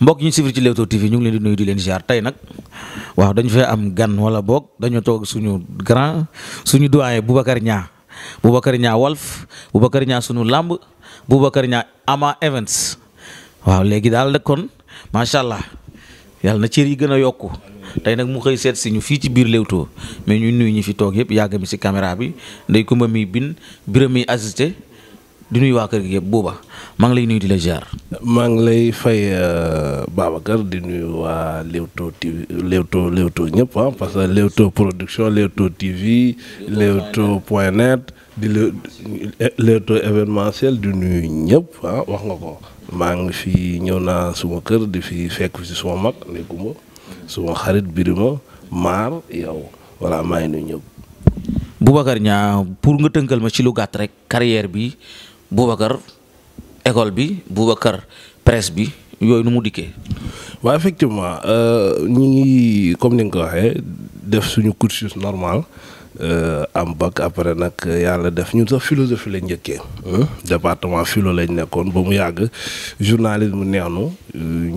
mbokk ñu suivre ci Leewtoo TV ñu ngi leen di nuyu di leen ziar tey nag waaw dañu fee am gan wala boog dañoo toog suñu grand suñu doyen Boubacar Niang Boubacar Niang Walf Boubacar Niang suñu làmb Boubacar Niang Ama Events waaw léegi daal nag kon macha allah yàlla na cër yi gën a yokk tey nag mu xëy seet si ñu fii ci biir Leewtoo mais ñuy nuyu ñi fi toog yëpp yàgg mi si caméra bi ndey kumba mi bin biram mi assisté di nuyu waa kër gi yëpp booba maa ngi lay nuyu di la ziar. maa ngi lay fay euh, Babacar di nuy waa Leewtoo TV Leewtoo Leewtoo ñëpp ah parce que Leewtoo production Leewtoo TV. Leewtoo point net di Leewtoo événementiel di nuy ñëpp ah, wax nga ko. maa ngi fi ñëw naa suma kër di fi fekk si suma mag nekkuma suma xarit birima maar yow voilà maa ngi nuyu ñëpp. Boubacar Niang pour nga tënkal ma si lu gàtt rek carrière bi. Boubacar école bi Boubacar presse bi yooyu nu mu dikkee. waaw effectivement euh, ñu ngi comme ni nga ko waxee def suñu cursus normal euh, am bac après nag yàlla def ñun sax philosophie lañ njëkkee département philo lañ nekkoon ba mu yàgg journalisme neexnu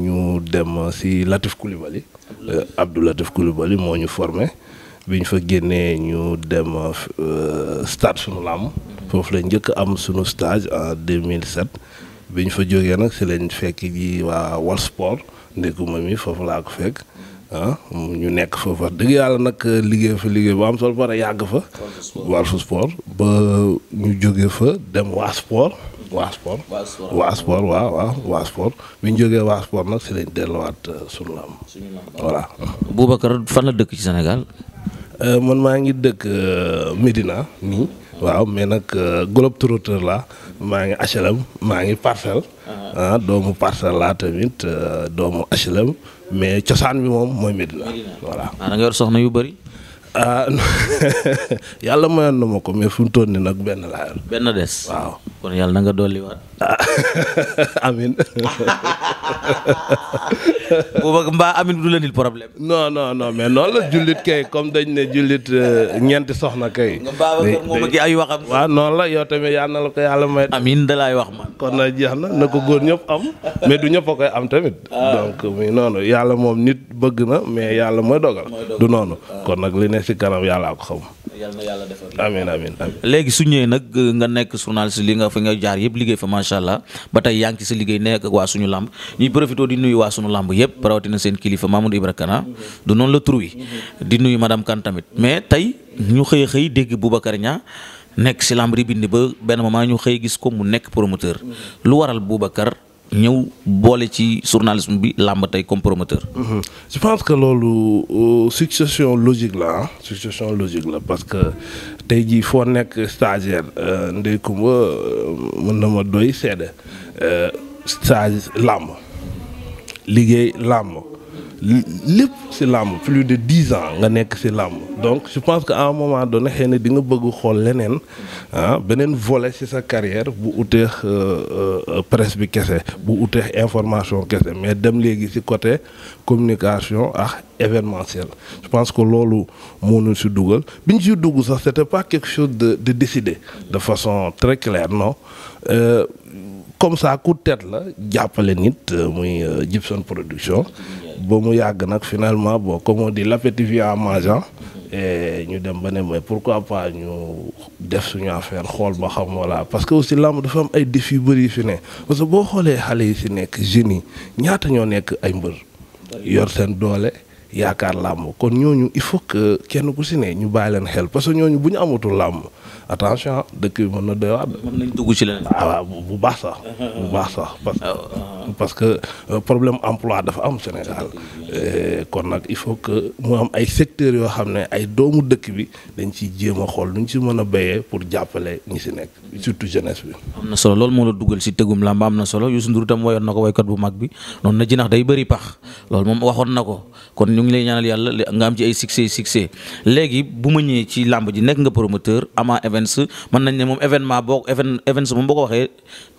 ñu dem si Latif Coulibaly euh, Abdou Latif Coulibaly moo ñu formé bi ñu fa génnee ñu dem stade sunu làmb foofu lañ njëkk am sunu stage en 2007 bi ñu fa jógee nag si lañ fekk ji waa Wal Sport ndekuma mi foofu laa ko fekk ah ñu nekk fa wax dëgg yàlla nag liggéey fa liggéey bu am solo pare yàgg fa. Wal Sport ba ñu jóge fa dem waa sport. waa sport waa sport waaw waaw waa sport bi ñu jógee waa sport nag si lañ delluwaat euh, sunu am voilà. Boubacar fan dëkk ci senegal euh, man maa ngi dëkk euh, Medina nii. waaw mais nag euh, globe-trotteur la maa ngi HLM maa ngi Parcelles. Uh-huh. ah doomu Parcelles laa tamit euh, doomu HLM mais cosaan bi moom mooy Medina. voilà. Ah, da nga yor soxna yu bëri. ah yàlla mayoon na ma ko mais fu mu toll nii nag benn laa yor. benn des. waaw kon yàlla na nga dolliwaat. Ah, amin bu ba mbaa amin du la nit problème. non mais noonu la jullit kay comme dañ ne jullit euh, ñeenti soxna kay. nga baaba kon la yow tamit yàlla na la ko yàlla may. amin wax man. kon nag jeex na na ko góor ñëpp am mais du ñëpp a koy am tamit. Ah. donc muy noonu yàlla moom nit bëgg na mais yàlla mooy dogal. du noonu ah. kon nag li ne nekk si kanam yàlla ko xam. yàlla na yàlla defal amiin léegi su ñëwee nag euh, nga nekk journaliste li nga fa nga jaar yëpp liggéey fa macha allah ba tey yaa sa liggéey nekk waa suñu làmb ñuy profité di nuyu waa suñu làmb yëpp rawatina seen kilifa Mamadou Ibra Kana ah. du noonu la tur di nuyu madame Kane tamit mais tey ñu xëy xëy dégg Boubacar Niang nekk si làmb di bind ba benn moment ñu xëy gis ko mu nekk promoteur lu waral Boubacar ñëw boole ci journalisme bi làmb tey comme promoteur. Mhm. je pense que loolu euh, succession logique la ah succession logique la parce que tey jii foo nekk stagiaire euh, Ndeye Comba euh, mën na ma doy seede stage làmb liggéey làmb lépp ci làmb plus de dix ans nga nekk ci làmb donc je pense que en moment donné xëy na di nga bëgg xool leneen ah beneen volet ci sa carrière bu uteex euh, euh, euh, press bi kese bu uteex information kese mais dem léegi ci côté communication ak événementiel je pense que loolu moo ñu ci dugal bi ñu ci dugg sax c'était pas quelque chose de de décidé de façon très claire non euh, comme ça coup de la jàppale nit muy Gibson Production ba mu yàgg nag finalement boo comme on dit l'appétit vient en mangeant ñu dem ba ne mooy pourquoi pas ñu def suñu affaire xool ba xam voilà parce que aussi làmb dafa am ay défis yu bëri fi ne parce que boo xoolee xale yi si nekk jeunes yi ñaata ñoo nekk ay mbër yor seen doole yaakaar làmb kon ñooñu il faut que kenn ku si ne ñu bàyyi leen xel parce que ñooñu bu ñu amatul làmb attention dëkk bi mën na doy waar. mën nañ dugg ci leneen. Ah, waaw bu baax sax. bu baax sax parce ah, ah, parce que euh, problème emploi dafa am Sénégal. kon nag il faut que mu am ay secteurs yoo xam ne ay doomu dëkk bi dañ ci jéem a xool nu ñu si mën a béyee pour jàppale ñi si nekk surtout jeunesse bi. am na solo lool moo la duggal si tëggum làmb am na solo Youssou Ndour tam woyoon na ko woykat bu mag bi noonu na jinax day bëri pax loolu moom waxoon na ko kon ñu lay ñaanal am ci ay succès nekk events mën nañ ne moom événement évén su moom boo ko waxee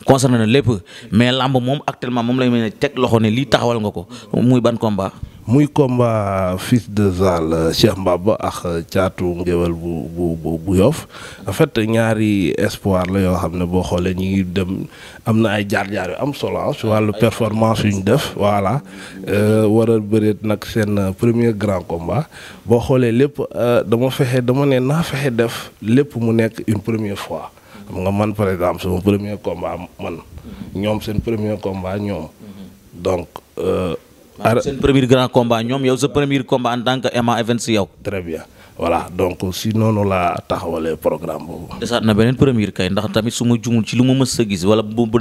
concerné na lépp mais lamb moom actuellement moom lañ mën a teg loxo ni lii taxawal nga ko muy ban komba muy combat fils de Zal Cheikh ba ak caatu ngéwél bu bu bu bu Yoff en fait ñaari espoir la yoo xam ne boo xoolee ñu ngi dem am na ay jaar-jaar yu am solo si ah wàllu performance yu ñu def voilà euh, war a bëreet nag seen premier grand combat boo xoolee lépp euh, dama fexe dama ne naa fexe def lépp mu nekk une première fois. xam nga man par exemple sama premier combat man. ñoom seen premier combat ñoom. donc. Euh, seen premier grand combat ñoom yow sa premier combat en tant que MMA events yow. très bien voilà donc si noonu laa taxawalee programme boobu. desaat na beneen premier kay ndax tamit su ma jumul ci lu ma mës a gis wala bu bu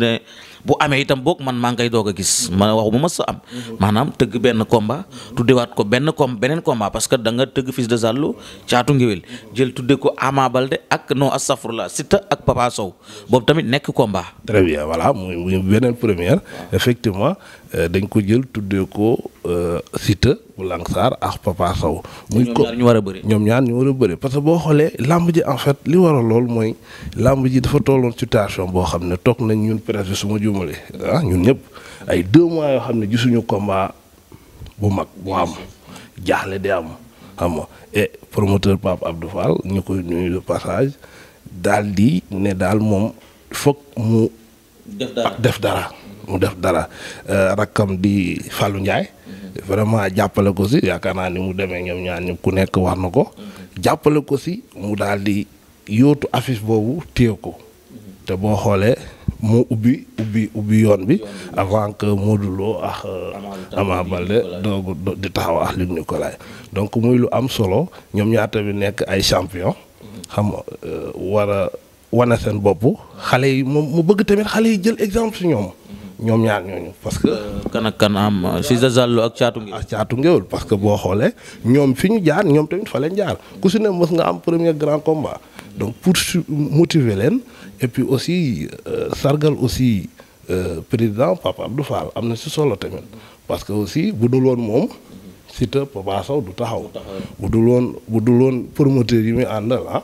bu amee itam boog man maa ngi koy doog a gis ma waxu ma mës a am. maanaam tëgg benn combat. tuddewaat ko benn com beneen combat parce que da nga tëgg Fils de Zallo caatu ngéwél jël tuddee ko Ama Balde ak non astafurlah Siteu ak Papa Sow boobu tamit nekk combat. très bien voilà muy beneen première effectivement. Euh, dañ ko jël tuddee ko euh, Siteu bu Langsar ak Papa Sow. ñu war a bëri. ñoom ñaan ñu war a bëri parce que boo xoolee làmb ji en fait li war a lool mooy làmb ji dafa tolloon situation boo xam ne toog nañ ñun presque su ma juumalee ah ñun ñëpp ay deux mois yoo xam ne gisuñu combat bu mag bu am jaaxle di am xam nga et promoteur Pape Abdou Fall ñu koy nuyu de passage daal di ne daal moom foog mu. def dara def dara. mu def dara euh, rakkam di Fallou Ndiaye vraiment jàppale ko si yaakaar naa ni mu demee ñoom ñaar ñëpp ku nekk wax na ko jàppale ko si mu daal di yóotu affiche boobu téye ko te boo xoolee mu ubbi ubbi ubbi yoon bi avant que Modou Lo ak euh, Ama Baldé doogu di taxaw ak Luc Nicolaï donc muy lu am solo ñoom ñaar tamit nekk ay champion xam euh, war a wane seen bopp xale yi moom mu bëgg tamit xale yi jël exemple si ñoom ñoom ñaar ñooñu parce que. Euh, kan ak kan am euh, Cissé Zallo ak Thiatou Nguéweul. ak parce que boo xoolee ñoom fi ñu jaar ñoom tamit fa leen jaar ku si ne mës nga am premier grand combat donc pour motiver leen et puis aussi euh, sargal aussi président Papa Abdou Fall am na si solo tamit parce que aussi bu dul woon moom. Siteu Papa Sow du taxaw. bu dul woon bu dul woon promoteur yi muy ànd ah.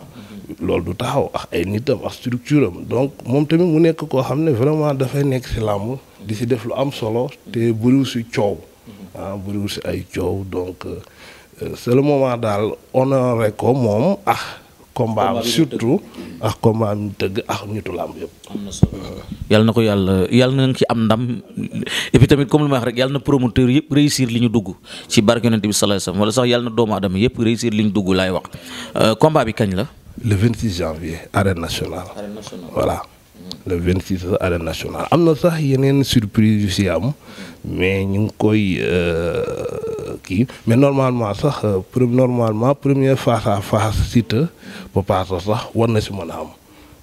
loolu du taxaw ak ay nitam ak structure am donc moom tamit mu nekk koo xam ne vraiment dafay nekk si làmb di si def lu am solo te bëriwu si coow ah si ay coow donc euh, c'est le moment daal honoré ko moom ah combat am surtout ah combat am tëgg ah ñitu làmb yëpp yàlla na ko yàlla yàlla na nga ci am ndam et puis tamit comme li ma wax rek yàlla na promoteur yëpp réussir li ñu dugg ci barke yonent bi sallallahu alayhi wala sax yàlla na doomu adama yëpp réussir li ñu dugg laay wax euh, combat bi kañ la le 26 janvier arène nationale arène vingt 26 arène nationale am na sax yeneen surprise yu si am mais ñu ngi koy euh, kii mais normalement sax euh, pour normalement première face à face Siteu Papa Sow sax war na si man a am.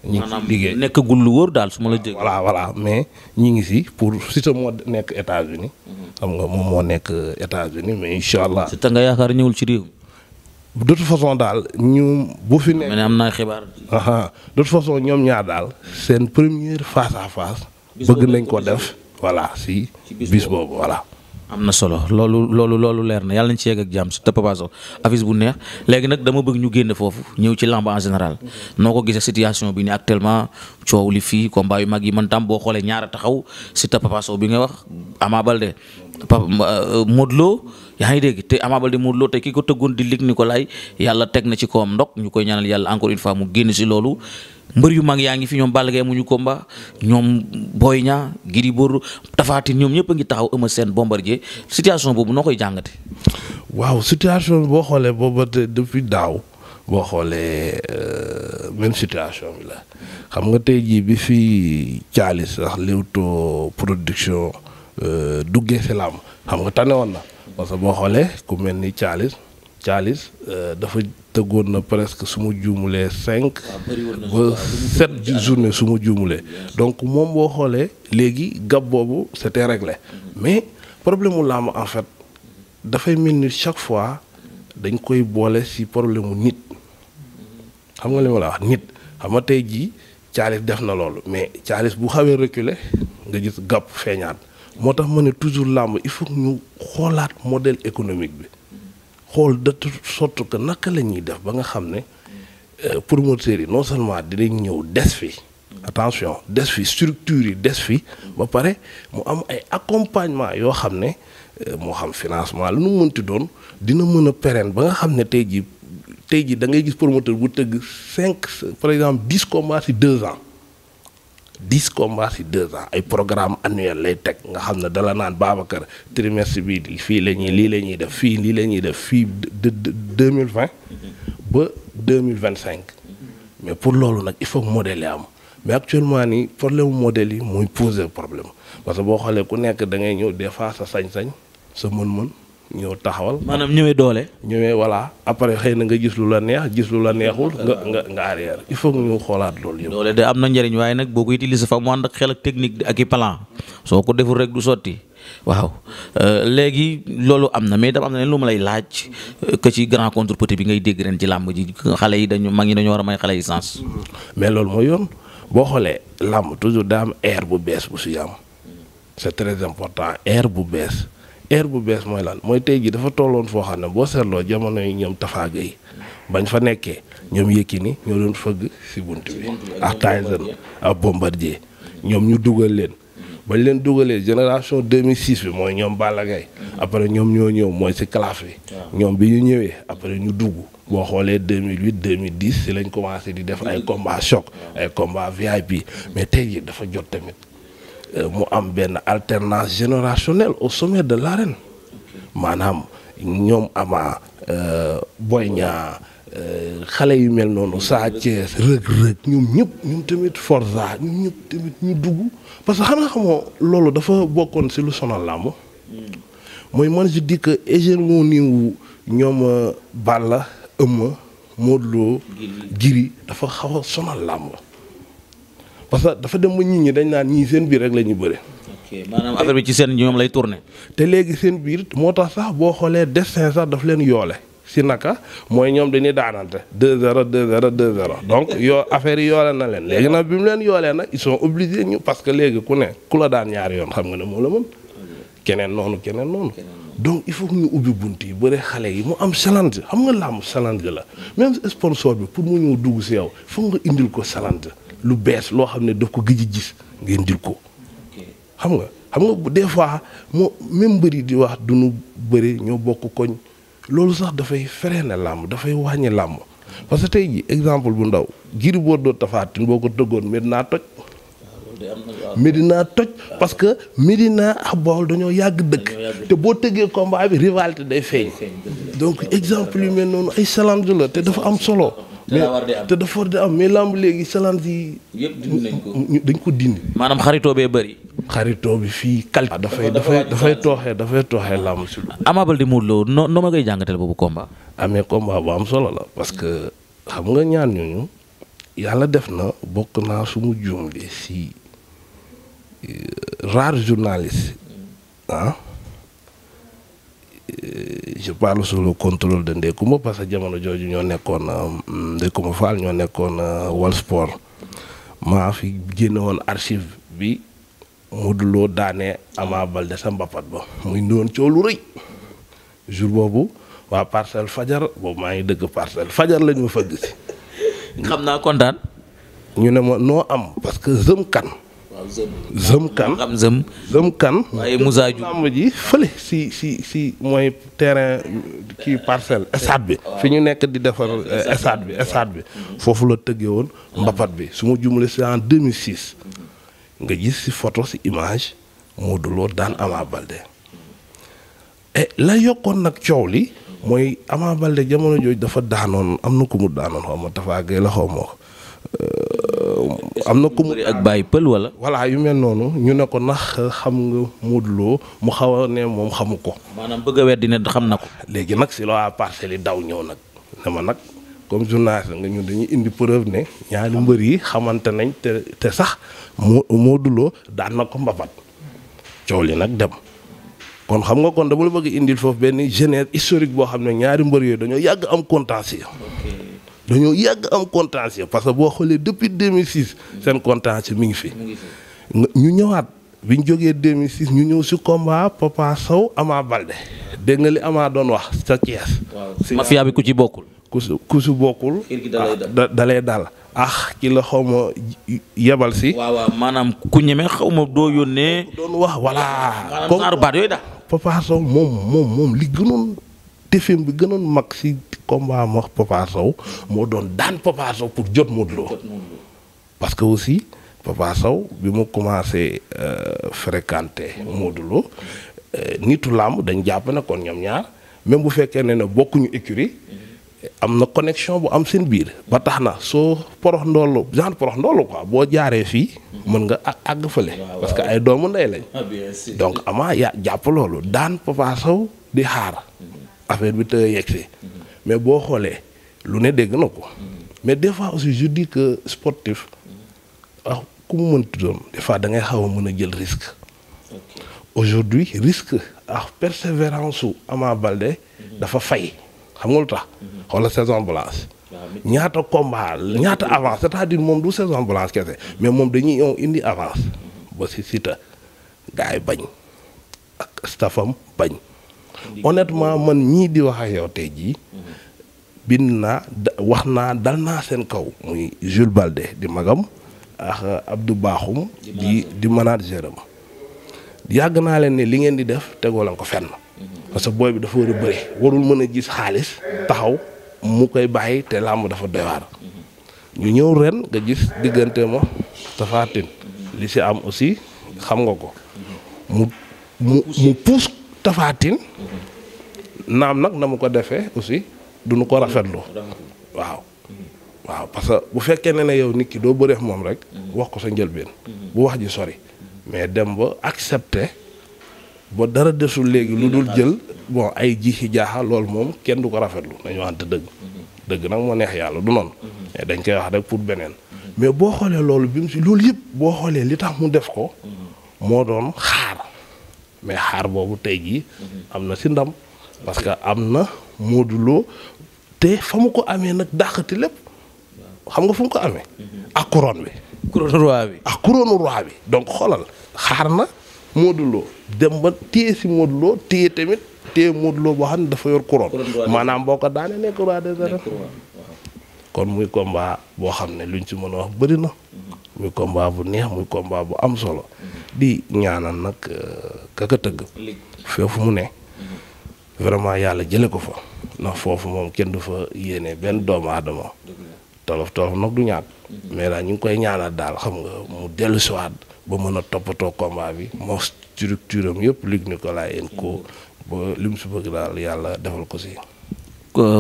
ñu ngi si nekkagul lu wóor daal su ma la jëg voilà voilà mais ñi ngi si pour Siteu moo nekk États-Unis mhm. xam nga moom moo nekk euh, États-Unis mais incha allah. te nga yaakaar ñëwul ci réew de toute façon daal ñu bu fi nekk. am naa xibaar. de toute façon ñoom ñaar daal seen première face à face. bëgg nañ ko def voilà si. bis boobu voilà. am na solo loolu loolu loolu leer na yàlla nañ ci yegg ak jàmm su tëpp Papa Sow affiche bu neex léegi nag dama bëgg ñu génn foofu ñëw ci lamb en général mhm. noo ko gisee situation bi ni actuellement coow li fii combat yu mag yi man tam boo xoolee ñaara taxaw si tëpp Papa bi nga wax Ama Baldé euh, Modou Lo yaa ngi dégg te Ama Baldé Modou Lo tey ki ko tëggoon di Luc Nicolaï yàlla teg na ci kawam ndok ñu koy ñaanal yàlla encore une mu génn si loolu mbër yu mag yaa ngi fi ñoom Balla Gaye mu ñu combat ñoom booy ñaa Gris Bordeaux tafaati ñoom ñëpp a ngi taxaw seen bombar Bombardier situation boobu noo koy jàngate waaw situation boo xoolee booba depuis daaw boo xoolee euh, même situation bi la xam nga tey jii bi fi caalis sax Leewtoo production euh, duggee si làmb xam nga tane woon na parce que boo xoolee ku mel ni Thialis Thialis euh, dafa tëggoon na presque su ma juumulee cinq ah, ba sept journée su ma juumulee donc moom boo xoolee léegi gab boobu c'était réglé mhm. mais problème mu làmb en fait dafay mel ni chaque fois dañ koy boole ci problème mu nit xam nga li nit xam nga tey jii Thialis def na loolu mais Thialis bu xawee reculer nga gis gab feeñaat moo tax ma ne toujours làmb il faut ñu xoolaat modèle économique bi xool de toute sorte que naka la ñuy def ba nga xam ne euh, promoteurs yi non seulement dinañ ñëw des fi attention des fi structures yi des fi ba pare mu am ay accompagnement yoo xam ne euh, moo xam financement lu nu ti doon dina mën a pérenne ba nga xam ne tey jii tey jii da ngay gis promoteur bu tëgg cinq par exemple dix combats ci deux ans dix combats ci deux ans ay programme annuel lay teg nga xam ne dala naan Babacar trimestre bii fii la ñuy lii la ñuy def fii lii la ñuy def fii deux mille vingt ba deux mille vingt cinq mais pour loolu nag il faut modèle yi am mais actuellement ni problème modèle yi mooy poser problème parce que boo xoolee ku nekk da ngay ñëw des fois sa sañ-sañ sa mën-mën ñëw taxawal. maanaam ñëwee doole. ñëwee voilà après xëy na nga gis lu la neex gis lu la neexul. nga nga nga il faut ñu xoolaat loolu yëpp. de am na njëriñ waaye nag boo ko utilisé fa mu ànd ak xel ak technique ak i plan soo ko deful rek du sotti waaw euh, léegi loolu am na mais dama am na leen lu ma lay laaj euh, que ci grand contre bi ngay dégg ren ci làmb ji xale yi dañu mag ñi dañu war a may xale yi sens. Mm-hmm. mais loolu mooy yoon boo xoolee làmb toujours daa am air bu bees bu s am c'est très important air bu bees. air bu bees mooy lan mooy tey ji dafa tolloon foo xam ne boo seetloo jamono yi ñoom tafaaga yi bañ fa nekkee ñoom ni ñoo doon fëgg si bunt bi ak Tyson ak Bombardier ñoom ñu dugal leen bañ leen dugalee génération 2006 bi mooy ñoom ballagay Gaye après ñoom ñoo ñëw mooy si classe bi ñoom bi ñu ñëwee après ñu dugg boo xoolee 2008 2010 si lañ commencé di def ay combat choc ay combat VIP mais tey ji dafa jot tamit Euh, mu am benn alternance générationnelle au sommet de l'arène maanaam ñoom Ama euh, Boy Niang euh, xale yu mel noonu Sa Thiès Reug Reug ñoom ñëpp ñoom tamit Forza ñoom ñëpp tamit ñu dugg parce que xanaa xamoo loolu dafa bokkoon si lu sonal làmb mooy man je dis que hégémonie wu ñoom Balla Eumeu Modou Lo Giri dafa xaw a sonal làmb parce que dafa dem ba nit ñi dañ naan ñii seen biir rek la ñuy bëre. ok maanaam bi ci seen ñoom lay tourné. te léegi seen biir moo tax sax boo xoolee destin sax daf leen yoole. si naka mooy ñoom dañuy daanante 2-0 2-0 2-0 donc yoo affaire yi yoole na leen léegi nag bi mu leen yoolee nag ils sont obligés ñu parce que léegi ku ne ku la daan ñaari yoon xam nga ne moo la mën keneen noonu keneen noonu donc il faut que ñu ubbi bunt yi bëre xale yi mu am challenge xam nga làmb challenge la même sponsor bi pour mu ñëw dugg si yow foog nga indil ko challenge lu bees loo xam ne daf ko gëj gis ngeen dil ko xam nga xam nga des fois moo même mbëri di wax du nu bëri ñoo bokk koñ loolu sax dafay freiner làmb dafay wàññi làmb parce que tey ji exemple bu ndaw Gris Bordeaux Tapha Tine boo ko tëggoon Medina toj Medina toj parce que Medina ak Bawol dañoo yàgg dëkk te boo tëggee combat bi rivalité day feeñ donc exemple yu mel noonu ay challenge la te dafa am solo te daa war di am te dafa war di am mais làmb léegi salaan yi. ko dañ ko dindi. maanaam xaritoo bee bari xaritoo bi fii calcul. dafay dafay dafay tooxee dafay tooxee làmb si. Ama Baldé Modou Lô noo noo ma ngay jàngatale boobu combat. amee ah, combat bu am solo la parce que xam nga ñaan ñooñu yàlla def na bokk naa su mu juumlee si euh, rare journaliste ah, Euh, je parle sous le contrôle de Ndekuma parce que jamono jooju ñoo nekkoon euh, Ndekuma Fall ñoo nekkoon euh, Wal Sport maa fi génne woon bi Modou Lo daane Ama Baldé sa mbapat ba muy doon coow lu rëy jour boobu waa parcelle fajar boobu maa ngi dëkk parcelle fajar lañu ñu ma fëgg si. xam naa kontaan. ñu ne ma noo am parce que zëm kan. zëm kan zëm kan waaye Moussa Diouf ji fële si si si mooy terrain ci parcelle stade bi fi ñu nekk di defar eh, stade bi stade bi mhm. foofu la tëggee woon mbapat bi su ma jumale si en 2006 nga gis ci photo si image Modou Lo daan Ama Baldé la yokkoon nag coow li mooy Ama Baldé jamono jooju dafa daanoon am na ku mu daanoon xaw ma Tafa la xaw euh, am na ku mu ak bàyyi pël wala. voilà yu mel noonu ñu ne ko nax xam nga Modou Lo mu xaw a ne moom xamu ko. maanaam bëgg a weddi ne na ko. léegi nag si la waa parcelle yi daw ñëw nag ne ma nag comme journaliste nga ñun dañuy indi preuve ne ñaari mbër yi xamante nañ te te sax Modou Lo daan na ko mbabat coow li nag dem. kon xam nga kon dama la bëgg indil foofu benn genèse historique boo xam ne ñaari mbër yooyu dañoo yàgg am contentieux dañoo yàgg am contentieux parce que boo xoolee depuis 2006 seen contentieux mu ngi fi. ñu ñëwaat bi ñu jógee 2006 ñu ñëw si combat Papa Sow Ama Balde dégg nga li Ama doon wax sa Thiès. waaw mafia ku ci bokkul. ku si bokkul. Ah, da dalay dal ah ki la xaw ma yebal si. waaw maanaam ku ñeme xaw ma doo yónnee. doon wax voilà. comme maanaam baat yooyu moom moom moom li gënoon tefem bi gënoon mag si. combat mox Papa Sow moo doon daan Papa pour jot Modou Lo parce que aussi Papa bi mu commencé euh, fréquenter Modou Lo euh, nitu làmb dañ jàpp ne kon ñoom ñaar même bu fekkee ne ne bokkuñu écurie am na connexion bu am seen biir ba tax na soo porox ndoolu genre porox ndoolu quoi boo jaaree fii mën nga ak àgg fële parce que ay doomu ndey lañ ah, donc amaa yaa jàpp loolu daan Papa di xaar mm-hmm. affaire bi te yegsi mm-hmm. mais boo xoolee lu ne dégg na ko mais des fois aussi je dis que sportif ah ku mu mënti doon des fois da ngay xaw a mën a jël risque aujourd'hui risque ah persévérance su Ama Baldé mhm. dafa fay xam nga lu tax mhm. xoola saison blanche ñaata combat ñaata avance cest à moom du saison blanche kese mhm. mais moom dañuy ñëw indi avance ba si sita gars yi bañ ak stafam bañ honnêtement man ñii di wax ak yow tey jii. bind naa wax naa dal naa seen kaw. muy Jules Balde di magam ak Abdou Bakhoum di di manager am yàgg naa leen ne li ngeen di def tegoo leen ko fenn. Mhm. parce que booy bi dafa war a bëri warul mën a gis xaalis taxaw mu koy bàyyi te làmb dafa doy mhm. ñu ñëw ren nga gis diggante ma Tapha mhm. li si am aussi xam nga ko mu mu mu pousse tafaatin naam nag na mu ko defee aussi du nu ko rafetlu waaw waaw parce que bu fekkee ne ne yow nit ki doo bëreex moom rek wax ko sa njëlbeen bu wax ji sori mais dem ba accepter ba dara desul léegi lu dul jël boo ay jiixi jaaxa lool moom kenn du ko rafetlu nañu waxante dëgg dëgg nag moo neex yàlla du noonu mais dañ koy wax rek pour beneen mais boo xoolee loolu bi mu si loolu yëpp boo xoolee li tax mu def ko moo doon mais xaar boobu tey jii. am na si ndam. parce que am na Modou Lo te fa mu ko amee nag dàqati lépp xam nga fu mu ko amee. Mhm. ak couronne bi. couronne bi ak couronne roi bi. donc xoolal xaar na Modou Lo dem ba téye si Modou Lo téye tamit téye Modou Lo boo xam ne dafa yor couronne. maanaam boo ko daanee nekk roi des arènes kon muy combat boo xam ne luñ si mën a wax bëri na. Mhm. muy combat bu neex muy combat bu am solo di ñaanal nag kaka euh, tëgg foofu mu ne vraiment yàlla jële ko fa ndax foofu moom kenn du fa yéene benn doomu aadama tolof tolof nag du ñaat mais daal ñu ngi koy ñaanal daal xam nga mu dellu siwaat ba mën a toppatoo combat bi moo structure am yëpp Luc Nicolaï en ko ba li mu si bëgg daal yàlla defal ko si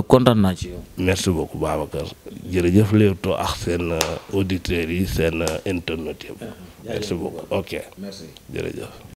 kontaan naa ci yow. merci beaucoup Babacar jërëjëf Leewtoo ak seen euh, auditeurs yi seen euh, internet yëpp. Ah, merci beaucoup ok merci jërëjëf.